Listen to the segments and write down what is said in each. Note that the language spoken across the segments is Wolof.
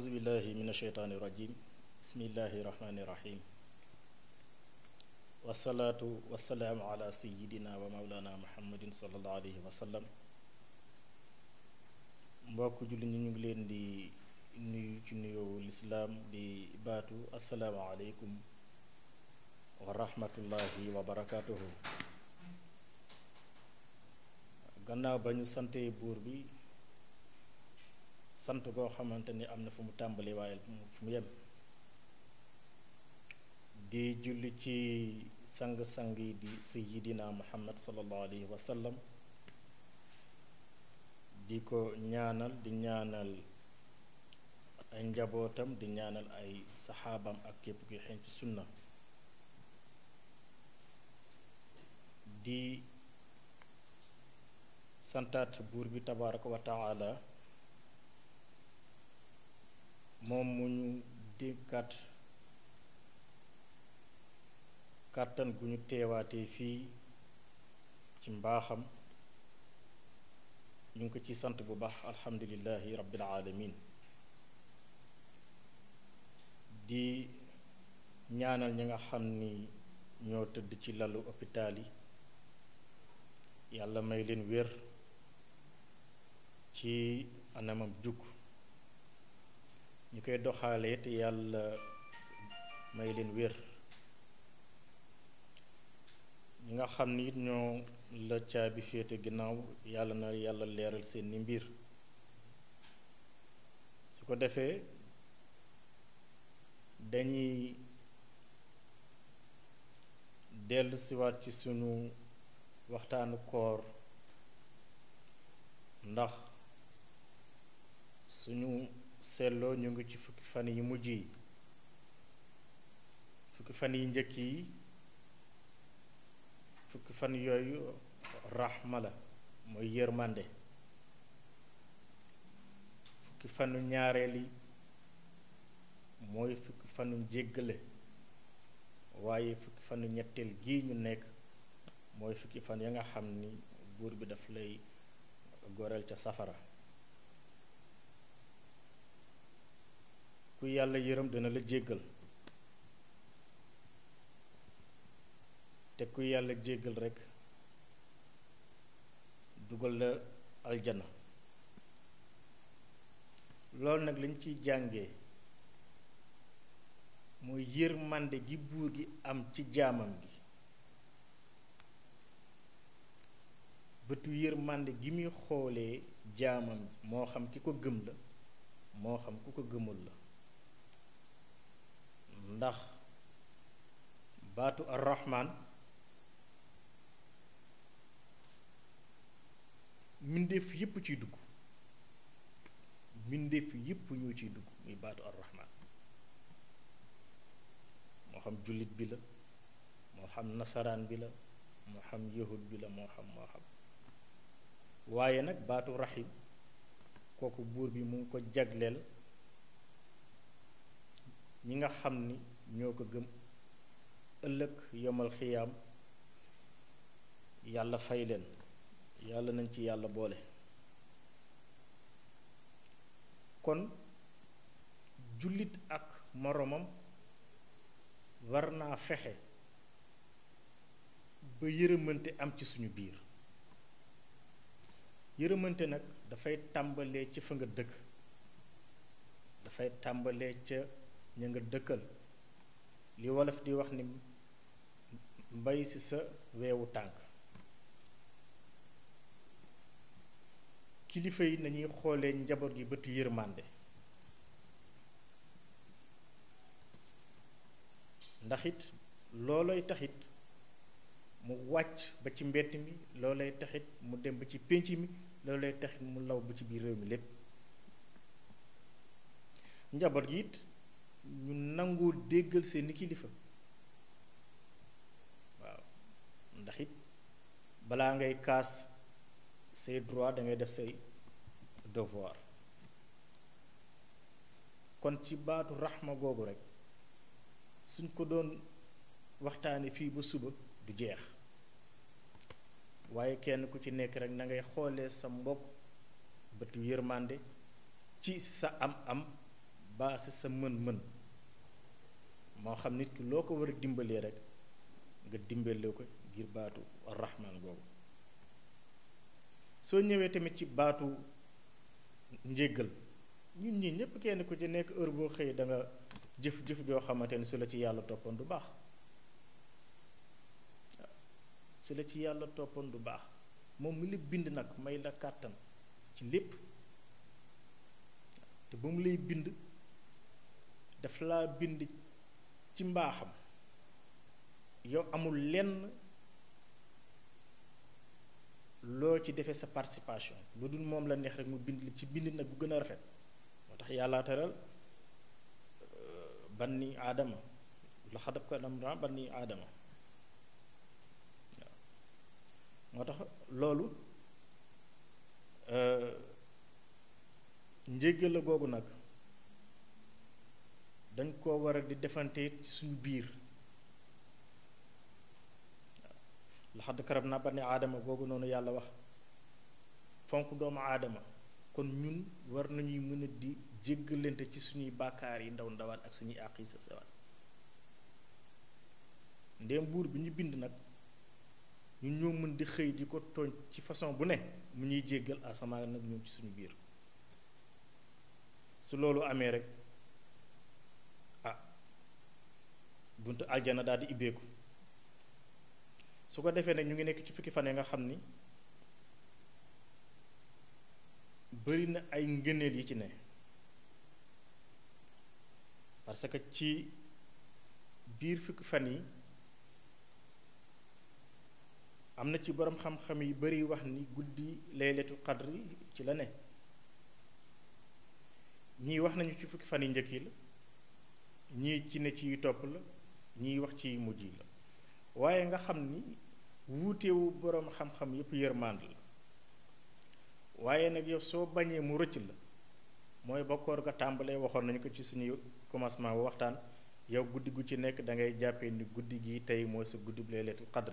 auzu billahi min asheytaani irajim bismillahi irahmaani irahim wasalaatu wasalaamu ala sayidina wa maulana muhammadin salallahu alayhi wa sallam mbokk julli ñu ñu ngi leen di nuyu ci nuyoo lislaam di baatu asalaamu aleykum wa rahmatullahi wa barakaatuhu gannaaw ba ñu sante buur bi sant goo xamante ni am na fu mu tàmbali waaye fu mu yem di julli ci sang-sang yi di sayidina muhammad sallallahu alayhi wa sallam di ko ñaanal di ñaanal ay njabootam di ñaanal ay saxaabam ak képp kuy xeeñ ci sunna di santaat buur bi tabaraka wa moom mu ñu dénkaat kàttan gu ñu teewaatee fii ci mbaaxam ñu ngi ko ci sant bu baax alhamdulillahi rabbil alamin di ñaanal ñi nga xam ni ñoo tëdd ci lalu hôpital yi yàlla may leen wér ci anamam jug ñu koy doxalee it yàlla may leen wér ñi nga xam ni it ñoo la caabi féete ginnaaw yàlla na yàlla leeral seen ni mbir su ko defee dañuy dellu siwaat ci suñu waxtaanu koor ndax suñu seetloo ñu ngi ci fukki fan yu mujj yi fukki fan yu njëkk yi fukki fan yooyu raxma la mooy yërmande fukki fanu ñaareel yi mooy fukki fanu jéggale waaye fukki fanu ñetteel gii ñu nekk mooy fukki fan yi nga xam ni buur bi daf lay goreel ca safara ku yàlla yërëm dana la jéggal te ku yàlla jéggal rekk dugal la aljana loolu nag lañ ciy jànge mooy yërmande gi buur gi am ci jaamam gi bëtu mànde gi muy xoolee jaamam moo xam ki ko gëm la moo xam ku ko gëmul la ndax baatu arrahman mbindeef yépp ciy dugg mbindeef yépp ñoo ciy dugg muy baatu arrahman moo xam jullit bi la moo xam nasaraan bi la moo xam yahud bi la moo xam moo xam waaye nag baatu rahim kooku buur bi mu ngi ko jagleel ñi nga xam ni ñoo ko gëm ëllëg yomal xiyaam yàlla fay leen yàlla nañ ci yàlla boole kon jullit ak moroomam war naa fexe ba yërëmante am ci suñu biir yërëmante nag dafay tàmbalee ci fa nga dëkk dafay tàmbalee ca ñu nga dëkkal li wolof di wax ni mbay ci sa weewu tànk kilifa yi nañuy xoolee njaboot gi bëtu yërmande ndax it loolooy taxit mu wàcc ba ci mbett mi loolooy taxit mu dem ba ci pénc mi loolooy taxit mu law ba ci biir réew mi lépp njaboot gi ñu nangoo déggal seen kilifa waaw ndax balaa ngay kaas say droit da def say devoir kon ci baatu raxma googu rekk suñ ko doon waxtaane fii ba suba du jeex waaye kenn ku ci nekk rekk na ngay xoolee sa mbokk bëtu yërmande ci sa am am baasi sa mën-mën moo xam nit ki loo ko war a dimbalee rek nga dimbale ko ngir baatu arrahman boobu soo ñëwee tamit ci baatu njéggal ñun ñi ñëpp kenn ku ci nekk heure boo xëyee danga jëf-jëf joo xamante ni su la ci yàlla toppoon du baax su la ci yàlla toppoon du baax moom mi la bind nag may la kàttan ci lépp te ba mu lay bind daf laa bind ci mbaaxam yow amul lenn loo ci defee sa participation lu dul moom la neex rek mu bind li ci bind nag bu gën a rafet moo tax yàllaa teral banni aadama la xadab ko dam banni aadama waaw moo tax loolu euh, njéggal la googu nag dañ koo war a di defante ci suñu biir laxad karab naa bani aadama googu noonu yàlla wax fonk doomu aadama kon ñun war nañuy mën a di jéggalante ci suñuy bàkkaar yi ndaw ndawaat ak suñuy àq yi sa sawaat ndéem buur bi ñu bind nag ñu ñoo mën di xëy di ko tooñ ci façon bu ne mu ñuy jéggal asamaan nag ñoom ci suñu biir su loolu amee rek bunt aljana daal di ibbeeku su ko defee ne ñu ngi nekk ci fukki fan yi nga xam ni bari na ay ngëneel yi ci ne parce que ci biir fukki fan yi am na ci boroom xam-xam yu bari wax ni guddi laylatul qadri ci la ne ñii wax nañu ci fukki fan yi njëkk yi la ñii ci ne ci topp la ñiy wax ci mujj la waaye nga xam ni wuutewu boroom xam-xam yépp yërmande la waaye nag yow soo bañee mu rëcc la mooy bokkoor ga tàmbalee waxoon nañu ko ci suñu commencement bu waxtaan yow guddi gu ci nekk da ngay jàppee ni guddi gi tey mooy sa guddi bu laylatul qadr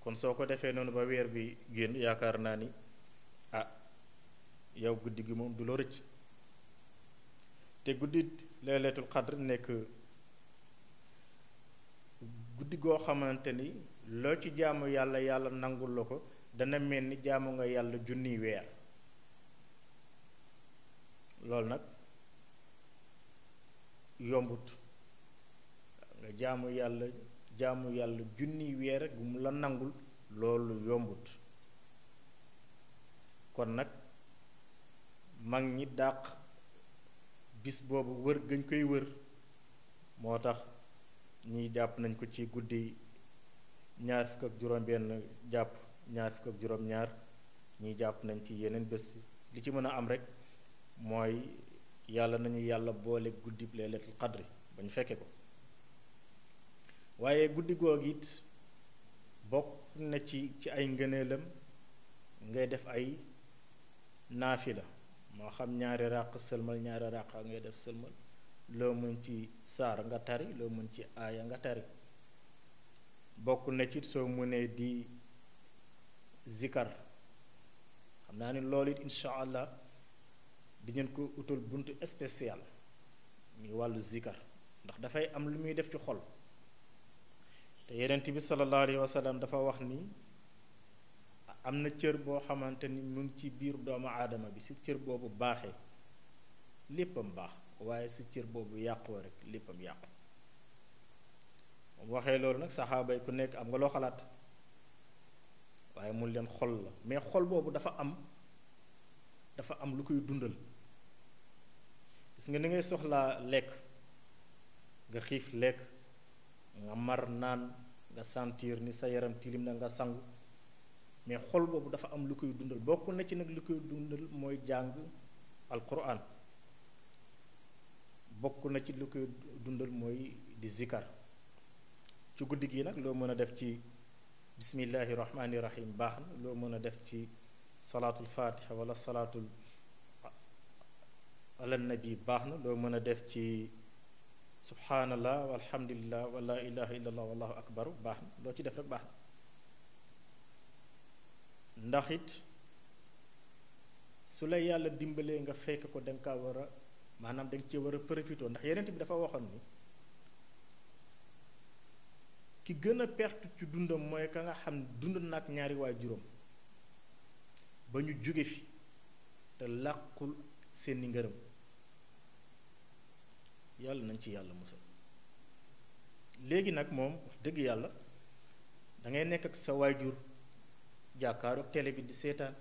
kon soo ko defee noonu ba weer bi génn yaakaar naa ni ah yow guddi gi moom du la rëcc te guddi laylatul qadr nekk guddi goo xamante ni loo ci jaamu yàlla yàlla nangu la ko dana mel ni jaamu nga yàlla junniy weer loolu nag yombut nga jaamu yàlla jaamu yàlla junniy weer gu mu la nangul loolu yombut kon nag mag ñi dàq bis boobu wër gañ koy wër moo tax ñii jàpp nañ ko ci guddi ñaar fukk ak juróom-benn jàpp ñaar fukk ak juróom-ñaar ñii jàpp nañ ci yeneen bés li ci mën a am rek mooy yàlla nañu yàlla boole guddi leelatul xadri ba ñu fekke ko waaye guddi googu it bokk na ci ci ay ngëneelam ngay def ay naafi la moo xam ñaari ràq sëlmal ñaari ràq ak ngay def sëlmal loo mën ci saar nga tari loo mën ci aaya nga tari bokk na ci soo mënee di zikar xam naa ni loolu it incha allah di ngeen ko utal buntu spécial muy wàllu zikar ndax dafay am lu muy def ci xol te yenent bi sallallahu alayhi dafa wax ni am na cër boo xamante ni mu ci biir doomu aadama bi si cër boobu baaxee léppam baax waaye si cër boobu yàqoo rek léppam yàqu moom waxee loolu nag saxaaba yi ku nekk am nga loo xalaat waaye mun leen xol la mais xol boobu dafa am dafa am lu koy dundal gis nga ni ngay soxlaa lekk nga xiif lekk mar naan nga sentir ni sa yaram tilim na nga sangu mais xol boobu dafa am lu koy dundal bokk na ci nag lu koy dundal mooy jàng alquran bokk na ci lu koy dundal mooy di zikar ci guddi gi nag loo mën a def ci bismillahi rahmaani rahim baax na loo mën a def ci salaatul fatiha wala salaatul ala nabi baax na loo mën a def ci subhanallah walhamdulillah wala ilaha illallah wallahu akbar baax na loo ci def rek baax na ndax su la yàlla dimbalee nga fekk ko danga kaa war maanaam da nga cee war a profité ndax yeneen bi dafa waxoon ni ki gën a perte ci dundam mooy ka nga xam dund nag ñaari waay juróom ba ñu jóge fi te làqul seeni ngërëm yàlla nañ ci yàlla musal léegi nag moom wax dëgg yàlla dangay ngay nekk ak sa waajur jàkkaarook télé bi di seetaan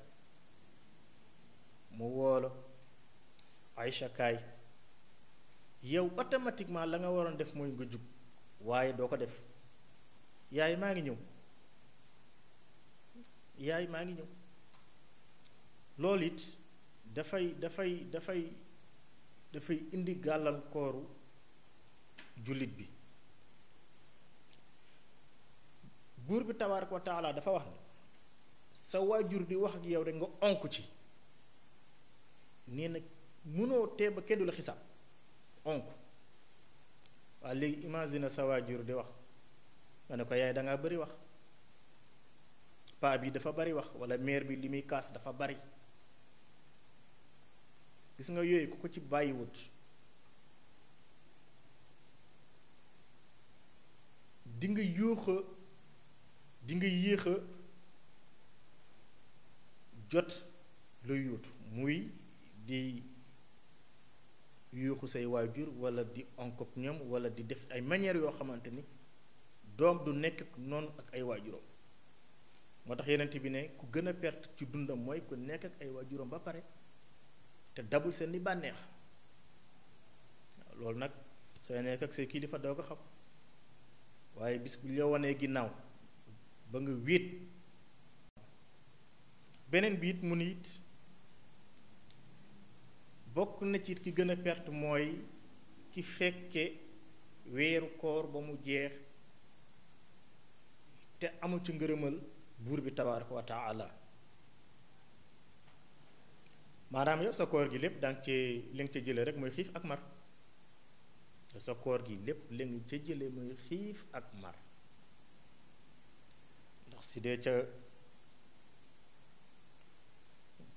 mu woolo Aïcha kaay yow automatiquement la nga waroon def mooy nga jug waaye doo ko def yaay maa ngi ñëw yaay maa ngi ñëw lool it dafay dafay dafay dafay indi gàllankooru jullit bi buur bi tabaaraka wa taala dafa wax ne sa waajur di wax ak yow rek nga onk ci nee mënoo tee ba kenn du la xisaab onk waa léegi imagine sa waajur di wax nga ne ko yaay da ngaa bëri wax paa bi dafa bari wax wala mère bi li muy kaas dafa bari gis nga yooyu ku ko ci bàyyiwut di nga yóox a yéex a jot luy yóotu muy di yuuxu say waajur wala di onkok ñoom wala di def ay manières yoo xamante ni doom du nekk noonu ak ay waajuram moo tax yenent bi ne ku gën a perte ci dundam mooy ku nekk ak ay waajuroom ba pare te dabul seen ni bànneex loolu nag sooy nekk ak say kilifa doo ko xam waaye bis bu la wanee ginnaaw ba nga wéet beneen biit mu ni it bokk na ci ki gën a perte mooy ki fekke weeru koor ba mu jeex te amu ci ngërëmal buur bi tabaaraka wa taala maanaam yow sa koor gi lépp danga ci li nga ca jële rek mooy xiif ak mar sa koor gi lépp li nga ca jële mooy xiif ak mar ndax si dee ca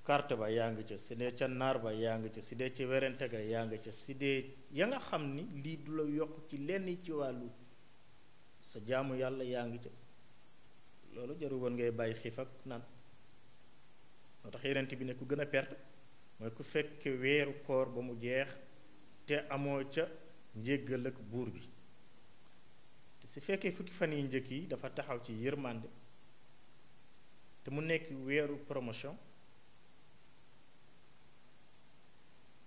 carte ba yaa ngi ca si dee ca naar ba yaa ngi ca si dee ca werante ga yaa ngi ca si dee ya nga xam ni lii du la yokk ci lenn ci wàllu sa jaamu yàlla yaa ngi ca loolu jarul woon ngay bàyyi xiif ak naan moo tax yenent bi ne ku gën a perte mooy ku fekke weeru koor ba mu jeex te amoo ca njéggal ak buur bi te si fekkee fukki fan yi njëkk yi dafa taxaw ci yërmande te mu nekk weeru promotion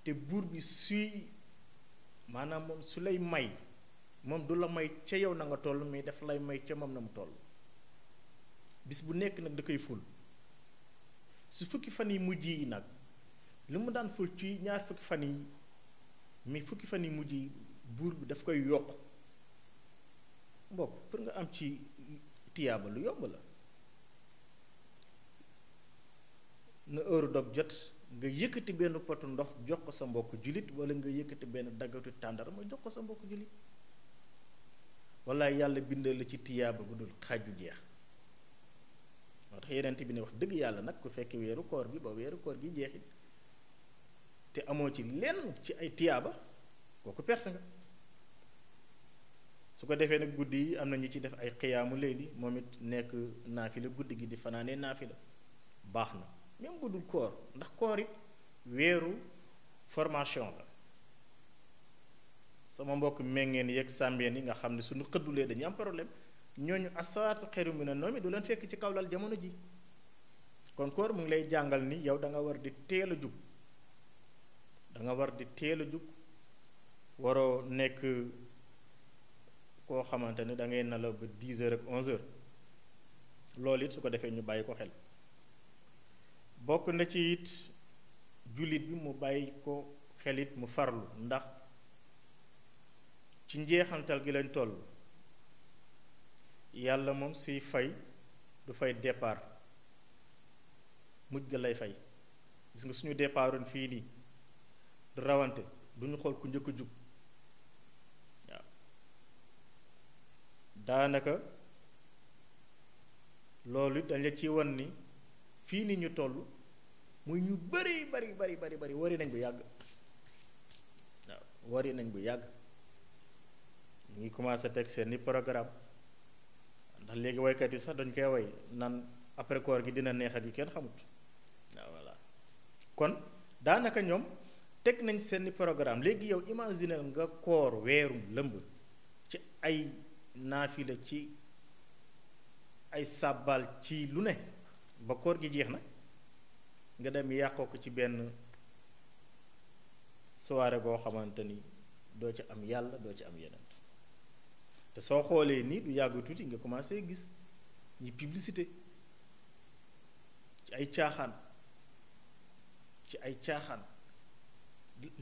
te buur bi suy maanaam moom su lay may moom du la may ca yow na nga toll mais daf lay may ca moom na mu toll bis bu nekk nag da koy ful su fukki fan yi mujj yi nag li mu daan ful ci ñaar fukki fan yi mais fukki fan yi mujj yi buur bi daf koy yokk boobu pour nga am ci tiyaaba lu yomb la na heure dog jot nga yëkkati benn potu ndox jox ko sa mbokk jullit wala nga yëkkati benn daggatu tàndara ma jox ko sa mbokk jullit wala yàlla bindal la ci tiyaaba gu dul xaaju jeex moo tax yeneen bi ne wax dëgg yàlla nag ku fekk weeru koor gi ba weeru gi jeexit te amoo ci lenn ci ay tiyaaba kooku su ko defee nag guddi yi am na ñu ci def ay xiyaamu layli moom it nekk naafila guddi gi di fanaanee naafila baax na même bu dul koor ndax koor it weeru formation la sama mbokk méngeen yeeg sàmbeen yi nga xam ne suñu xëddulee dañuy am problème ñooñu asaatu xeru mi na noomi du leen fekk ci kaw jamono ji kon koor mu ngi lay jàngal ni yow da nga war di teel a jug da nga war di teel a jug waroo nekk koo xamante ne da ngay nelaw ba 10 heures ak 11 heures loolu it su ko defee ñu bàyyi ko xel bokk na ci it jullit bi mu bàyyi ko xelit mu farlu ndax ci njeexantal gi lañ toll yàlla moom suy fay du fay départ mujj ga lay fay gis nga suñu départoon fii nii du rawante duñu xool ku njëkk a daanaka loolu dañ ci wan ni fii ni ñu toll muy ñu bari bari bari bari wari nañ bu yàgg waaw wari nañ bu yàgg ñu ngi commencé teg seen i programme ndax léegi waykat yi sax dañ koy way naan après koor gi dina neexat yu kenn xamut ah, voilà kon daanaka ñoom teg nañ seeni programme léegi yow imaginel nga koor weerum lëmb ci ay naafila ci ay sàbbal ci lu ne ba koor gi jeex na nga dem yàqoo ko ci benn soirée boo xamante ni doo ci am yàlla doo ci am yeneen te soo xoolee nii du yàgg tuuti nga commencé gis ñi publicité ci ay caaxaan ci ay caaxaan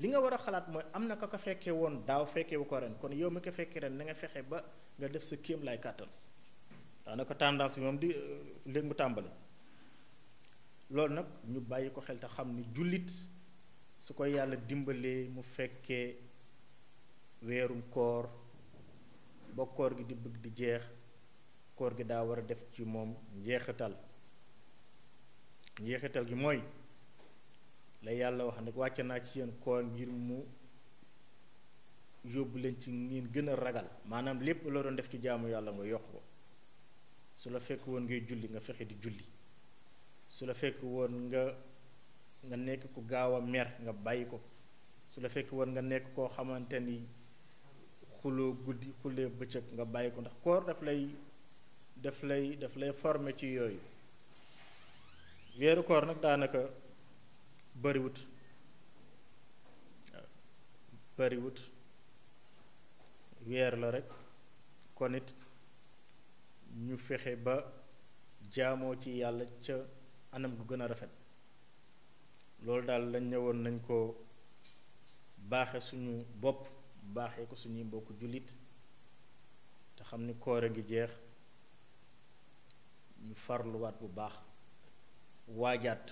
li nga war a xalaat mooy am na ka ko fekkee woon daaw fekkee wu ko ren kon yow mi ko fekkee ren na nga fexe ba nga def sa kéem lay kàttan daanaka tendance bi moom di euh, léegi mu tàmbali loolu nag ñu bàyyi ko xel te xam ni jullit su ko yàlla dimbalee mu fekkee weerum koor ba koor gi di bëgg di jeex koor gi daa war a def ci moom njeexital njeexital gi mooy la yàlla wax nag wàcce naa ci seen koor ngir mu yóbbu leen ci ngeen gën a ragal maanaam lépp loo doon def ci jaamu yàlla nga yokk ko su la fekk woon ngay julli nga fexe di julli su la fekk woon nga nga nekk ku gaaw a mer nga bàyyi ko su la fekk woon nga nekk koo xamante ni xuloo guddi xulee bëccëg nga bàyyi ko ndax koor daf lay daf lay daf lay forme ci yooyu weeru koor nag daanaka bariwut bariwut weer la rekk kon ñu fexe ba jaamoo ci yàlla ca anam gu gën a rafet loolu daal lañ woon nañ ko baaxe suñu bopp baaxee ko suñuy mbokku jullit te xam ni koore gi jeex ñu farluwaat bu baax waajaat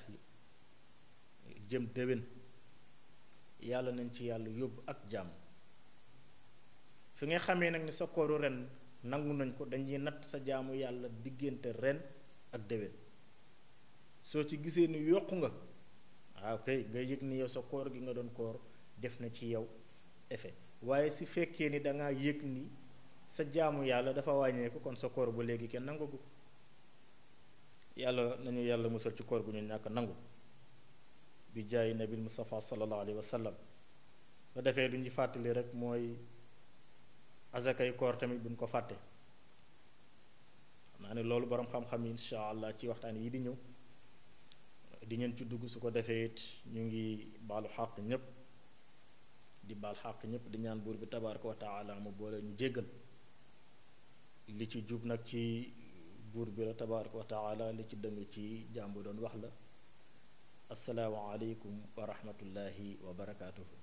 jëm déwén yàlla nañ ci yàlla yóbbu ak jàmm fi ngay xamee nag ni sa kooru ren nangu nañ ko dañuy natt sa jaamu yàlla diggante ren ak déwén soo ci gisee ni yokku nga waaw kay nga yëg ni yow sa koor gi nga doon koor def na ci yow effet waaye si fekkee ni danga ngaa yëg ni sa jaamu yàlla dafa wàññeeku kon sa koor ba léegi kenn nangagu yàlla nañu yàlla musal ci koor gu ñu nàkk nangu bi jaay nabil mustafa sallallahu alayhi wa sallam ba defee du ñu fàttali rek mooy azakay koor tamit buñ ko fàtte xam naa ne loolu boroom xam-xam insha allah ci waxtaan yi di ñëw di ngeen ci dugg su ko defee it ñu ngi baalu xàq ñépp di baal xàq ñépp di ñaan buur bi tabaaraka wa taala mu boole ñu jéggal li ci jub nag ci buur bi la tabaaraka wa taala li ci dëng ci jàmbu doon wax la assalaamu aleykum wa wa barakaatuhu